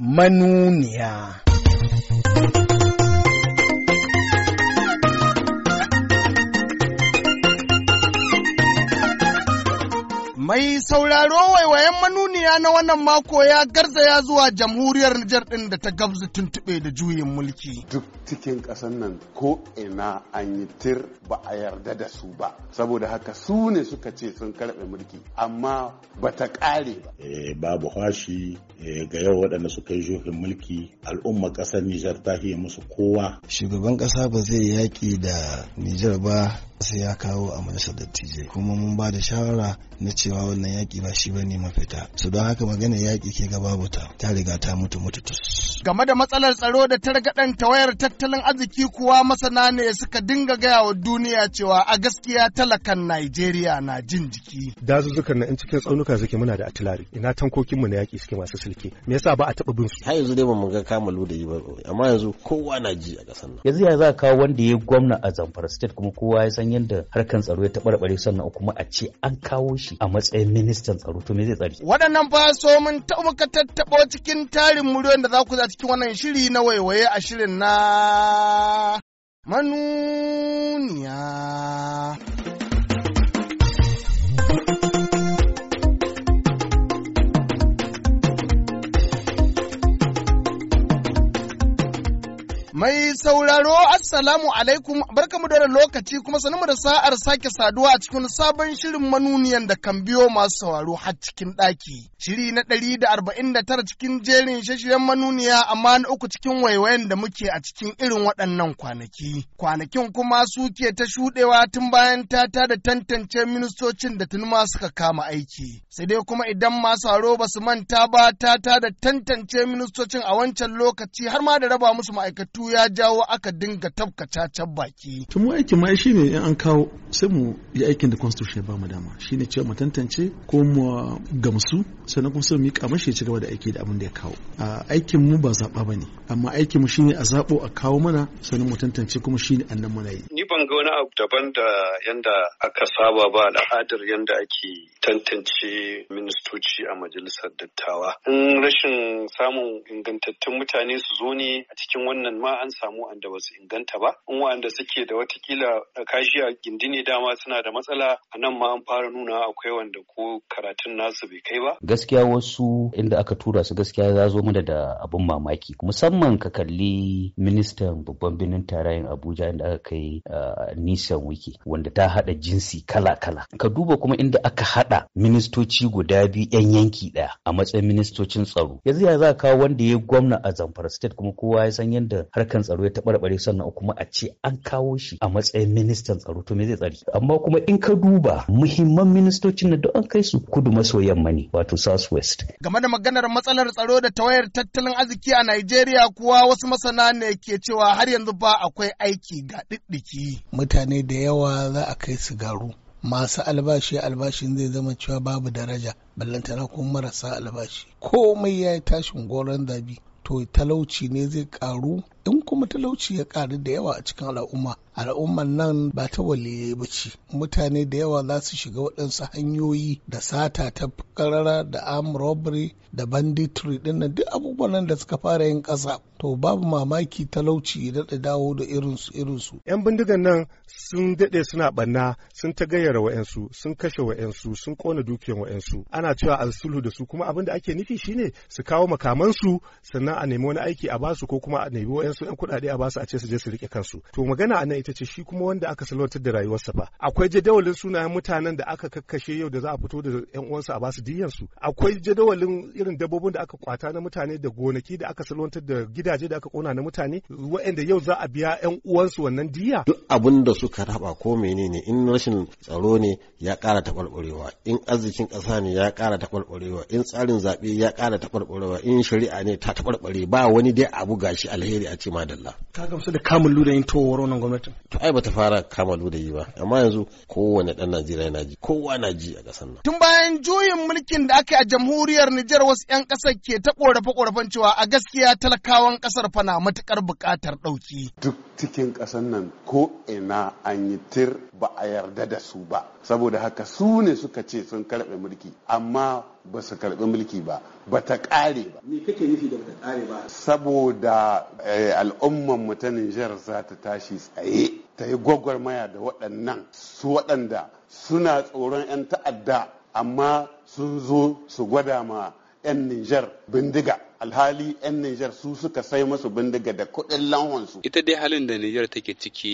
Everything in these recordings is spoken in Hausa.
manuniya. Mai sauraro waiwayen manuniya na wannan mako ya garzaya zuwa jamhuriyar Nijar ɗin da ta gabzu tuntuɓe da juyin mulki. Duk cikin ƙasar nan ko ina an yi tir ba a yarda da su ba, saboda haka su ne suka ce sun karɓe mulki amma ba ta ƙare ba. Eh, babu hashi eh, ga yau waɗanda suka yi juhin mulki al'umma ƙasar Nijar ta musu kowa. Shugaban ƙasa ba zai yaƙi da Nijar ba sai ya kawo a majalisar dattijai kuma mun ba da shawara na cewa wannan yaƙi ba shi bane mafita su don haka magana yaƙi ke ga babu ta ta riga ta mutu mututus game da matsalar tsaro da targaɗan wayar tattalin arziki kuwa masana ne suka dinga gaya wa duniya cewa a gaskiya talakan Najeriya na jin jiki dazuzzukan na in cikin tsaunuka suke muna da atilari ina tankokin mu na yaƙi suke masu silke me yasa ba a taɓa bin su har yanzu dai ba ga kamalu da yi ba amma yanzu kowa na ji a ƙasar nan yanzu ya za kawo wanda ya gwamna a Zamfara state kuma kowa ya san Yan yadda harkan tsaro ya taɓarɓare sannan kuma a ce an kawo shi a matsayin ministan tsaro to me zai tsare. Waɗannan fa so mun taɓa muka tattaɓo cikin tarin muryoyin da za ku za cikin wannan shiri na waiwaye a shirin na manuniya. Mai sauraro Assalamu alaikum mu da lokaci kuma sanin da sa'ar sake saduwa a cikin sabon shirin manuniyan da kan biyo masu sauraro har cikin ɗaki. Shiri na ɗari da arba'in da tara cikin jerin shashiyan manuniya amma na uku cikin waiwayen da muke a cikin irin waɗannan kwanaki. Kwanakin kuma suke ta shuɗewa tun bayan ta, ta da tantance ministocin da tun ma suka kama aiki. Sai dai kuma idan masu sauraro ba su manta ba ta, ta da tantance ministocin a wancan lokaci har ma da raba musu ma'aikatu ya jawo aka dinga tafka cacan baki. Tumu aiki ma shi ne in an kawo sai mu yi aikin da constitution ya ba mu dama shi ne cewa mu tantance ko mu gamsu sannan kuma sai mu yi kamashi ci gaba da aiki da abin da ya kawo. Aikin mu ba zaɓa ba ne amma aikin mu shi a zaɓo a kawo mana sannan mu tantance kuma shi ne annan muna yi. mu ga wani abu daban da yanda aka saba ba al'adar yanda ake tantance ministoci a majalisar dattawa. In rashin samun ingantattun mutane su zo ne a cikin wannan ma an samu wanda ba su inganta ba. In wanda suke da watakila kashi a gindini dama suna da matsala a nan ma an fara nuna akwai wanda ko karatun nasu bai kai ba. Gaskiya wasu inda aka tura su gaskiya ya zo mana da abun mamaki musamman ka kalli ministan babban birnin tarayyar Abuja inda aka kai ah, nisan wiki wanda ta hada jinsi kala-kala ka duba kuma inda aka hada ministoci guda biyu yan yanki daya a matsayin ministocin tsaro yanzu ya za kawo wanda ya gwamna a zamfara state kuma kowa ya san yadda harkan tsaro ya taɓarɓare sannan kuma a ce an kawo shi a matsayin ministan tsaro to me zai tsari amma kuma in ka duba muhimman ministocin na duk an kai su kudu maso yamma ne wato south west game da maganar matsalar tsaro da tawayar tattalin arziki a Najeriya kuwa wasu masana ne ke cewa har yanzu ba akwai aiki ga diddiki mutane da yawa za a kai su garu masu albashi albashin zai zama cewa babu daraja ballantana kuma marasa albashi komai ya yi tashin goron zabi to talauci ne zai karu in kuma talauci ya ƙaru da yawa a cikin al'umma al'umman nan ba ta waliye ba ce mutane da yawa za su shiga waɗansu hanyoyi da sata ta karara da arm robbery da banditry ɗin duk abubuwan nan da suka fara yin ƙasa to babu mamaki talauci ya daɗa dawo da irinsu irinsu yan bindigan nan sun daɗe suna ɓanna sun ta gayyara wa'yansu sun kashe wa'yansu sun ƙona dukiyan wa'yansu ana cewa alsulhu da su kuma abin da ake nufi shine su kawo makamansu sannan a nemi wani aiki a basu ko kuma a nemi su 'yan kuɗaɗe a basu a ce su je su rike kansu to magana a nan ita ce shi kuma wanda aka salwantar da rayuwarsa fa akwai jadawalin sunayen mutanen da aka kakkashe yau da za a fito da 'yan uwansu a basu diyansu akwai jadawalin irin dabbobin da aka kwata na mutane da gonaki da aka salwantar da gidaje da aka kona na mutane waɗanda yau za a biya 'yan uwansu wannan diya duk abin da suka raba ko menene in rashin tsaro ne ya ƙara taɓarɓarewa in arzikin ƙasa ne ya ƙara taɓarɓarewa in tsarin zaɓe ya ƙara taɓarɓarewa in shari'a ne ta taɓarɓare ba wani dai abu gashi alheri a ce Allah. ka gamsu da kamun ludayin towar wannan gwamnatin to ai bata fara kama yi ba amma yanzu kowane dan Najeriya yana ji kowa na ji a ƙasar nan tun bayan juyin mulkin da aka yi a jamhuriyar Nijar wasu yan kasar ke ta korafe korafen cewa a gaskiya talakawan ƙasar fa na matukar bukatar dauki duk cikin ƙasar nan ko ina an yi tir ba a yarda da su ba saboda haka su ne suka ce sun karɓe mulki amma ba su karɓi mulki ba ba ta ƙare ba me kake nufi da ba ta ƙare ba saboda eh, al'umman mu ta Nijar za ta tashi tsaye ta yi gwagwarmaya da waɗannan su waɗanda suna tsoron 'yan ta'adda amma sun zo su gwada ma 'yan Nijar bindiga alhali 'yan Nijar su suka sai masu bindiga da kuɗin lanwansu. Ita dai halin da Nijar take ciki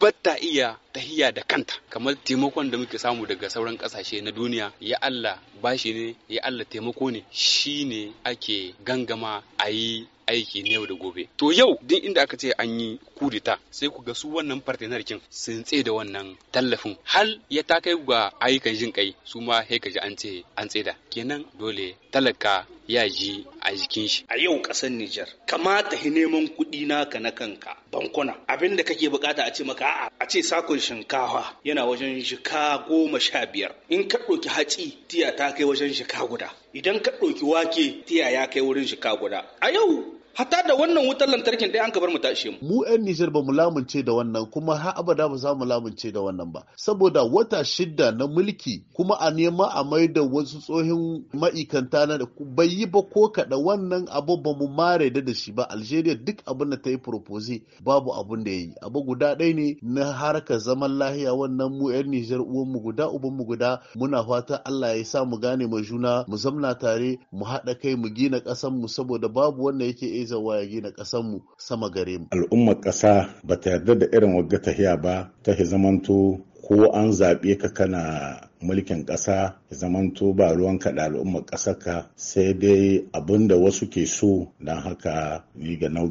bata iya tahiya da kanta kamar taimakon da muke samu daga sauran ƙasashe na duniya ya Allah bashi ne ya Allah taimako ne Shi shine ake gangama a yi aiki na yau da gobe to yau duk inda aka ce an yi kudita sai ku ga su wannan partenarkin sun tse da wannan tallafin hal ya ta kai ga ayyukan jin kai su ma sai ka ji an ce an tseda kenan dole talaka ya ji a jikin shi. A yau ƙasar Nijar, kamata hi neman kuɗi naka na kanka bankuna. Abin da kake bukata a ce maka a'a a ce sakon shinkawa yana wajen shika goma sha biyar. In ka ɗauki hatsi tiya ta kai wajen shika guda. Idan ka ɗauki wake tiya ya kai wurin shika guda. A yau hatta da wannan wutar lantarkin ɗaya an ka bar mu tashi mu. Mu 'yan Nijar ba mu lamunce da wannan kuma har abada ba za mu lamunce da wannan ba. Saboda wata shidda na mulki kuma a nema a mai da wasu tsohin ma'ikanta na da bai yi ba ko kaɗa wannan abu ba mu mare da shi ba Algeria duk abin da ta yi propose babu abin da ya yi. Abu guda ɗaya ne na harkar zaman lahiya wannan mu 'yan Nijar uwan mu guda uban mu guda muna fata Allah ya sa mu gane mai juna mu zamna tare mu haɗa kai mu gina ƙasar mu saboda babu wanda yake izawa ya gina ƙasanmu sama gare mu. Al'ummar ƙasa ba ta yarda da irin wagga tahiya ba ta zamanto ko an zaɓe ka kana mulkin ƙasa ya zamanto ba ruwan da al'ummar ƙasar ka sai dai abin da wasu ke so don haka ni ga nau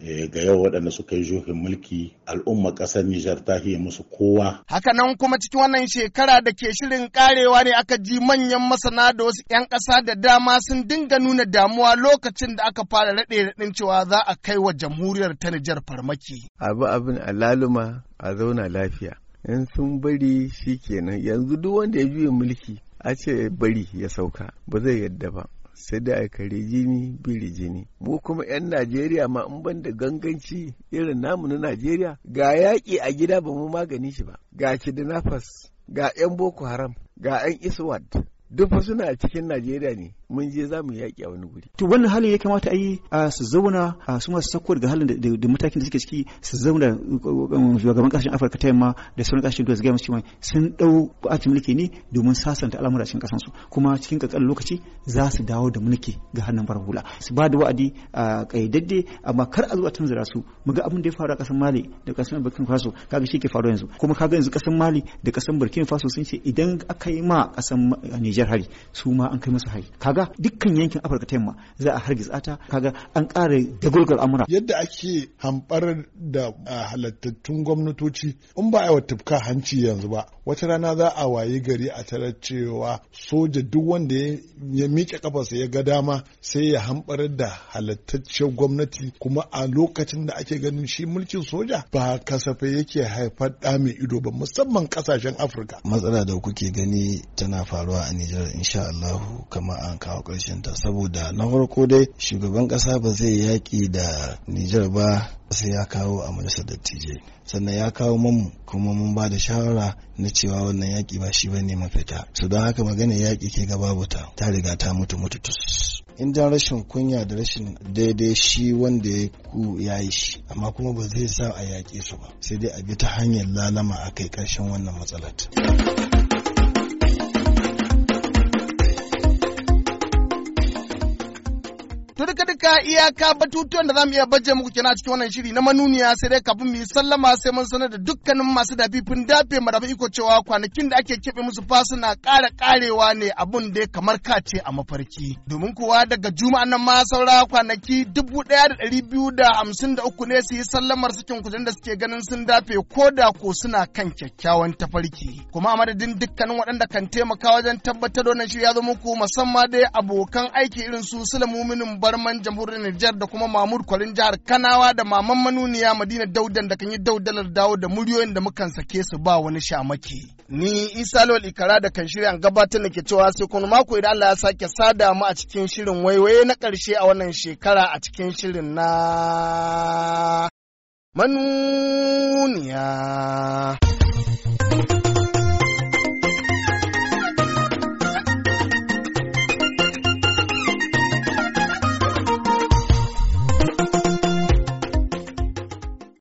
eh, ga yau waɗanda suka yi juhin mulki al'umma ƙasar Nijar ta hiye musu kowa. Haka nan kuma cikin wannan shekara da ke shirin karewa ne aka ji manyan masana da wasu 'yan ƙasa da dama sun dinga nuna damuwa lokacin da aka fara raɗe raɗin cewa za a kai wa jamhuriyar ta Nijar farmaki. Abu abin alaluma a zauna lafiya. in sun bari shi kenan yanzu duk wanda ya juya mulki a ce bari ya sauka ba zai yadda ba sai da kare jini biri jini mu kuma 'yan najeriya ma in ban da ganganci irin namu na najeriya ga yaƙi a gida ba mu magani shi ba ga kidnappers ga 'yan boko haram ga 'yan iswad duk suna cikin najeriya ne mun je za mu yaƙi a wani guri. To wannan halin ya kamata a yi a su zauna su masu sako daga halin da matakin da suke ciki su zauna um, shugaban ƙasashen Afirka ta yamma da sauran ƙasashen da su gaya musu sun ɗau buƙatun mulki ne domin sasanta al'amura cikin ƙasansu kuma cikin ƙanƙanin lokaci za su dawo da mulki ga hannun bar hula su ba da wa'adi a ƙayyadadde amma kar a zo a tunzura su mu ga abin da ya faru a ƙasar Mali da ƙasar Burkina Faso kaga shi ke faru yanzu kuma kaga yanzu ƙasar Mali da ƙasar Burkina Faso sun ce idan aka yi ma ƙasar Nijar hari su ma an kai musu hari kaga kaga dukkan yankin afirka ta yamma za a hargitsa ta kaga an ƙara dagulgar amura yadda ake hamɓar da halattattun gwamnatoci in ba a wa tufka hanci yanzu ba wata rana za a wayi gari a tarar cewa soja duk wanda ya miƙe kafarsa ya ga dama sai ya hamɓar da halattacciyar gwamnati kuma a lokacin da ake ganin shi mulkin soja ba kasafe yake haifar da mai ido ba musamman ƙasashen afirka matsala da kuke gani tana faruwa a nijar insha allahu kama an kawo ƙarshen ta saboda na farko dai shugaban ƙasa ba zai yaki da Nijar ba sai ya kawo a majalisar dattijai sannan ya kawo mamu kuma mun ba da shawara na cewa wannan yaki ba shi ba ne mafita su don haka magana yaki ke gaba ta ta riga ta mutu mutu tus in dan rashin kunya da rashin daidai shi wanda ya ku ya yi shi amma kuma ba zai sa a yaƙe su ba sai dai a bi ta hanyar lalama a kai ƙarshen wannan matsalar. duka iyaka batutuwan da za mu iya baje muku kenan a cikin wannan shiri na manuniya sai dai kafin mu yi sallama sai mun sanar da dukkanin masu dafifin dafe mu da iko cewa kwanakin da ake kebe musu fasuna ƙara ƙarewa ne abun da kamar kace a mafarki domin kuwa daga juma'a nan ma saura kwanaki dubu ɗaya da ɗari biyu da hamsin da uku ne su yi sallamar cikin kujen da suke ganin sun dafe ko da ko suna kan kyakkyawan tafarki kuma a madadin dukkanin waɗanda kan taimaka wajen tabbatar da wannan shiri ya zo muku musamman dai abokan aiki irin su Sulamu Minin Barman jam jamhuriyar Nijar da kuma Mahmud Kwalin jihar Kanawa da Maman Manuniya Madina Daudan da kan yi daudalar dawo da muryoyin da mukan sake su ba wani shamaki. Ni Isa Lawal Ikara da kan shirya gabatar da ke cewa sai kuma mako idan Allah ya sake sada mu a cikin shirin waiwaye na ƙarshe a wannan shekara a cikin shirin na manuniya.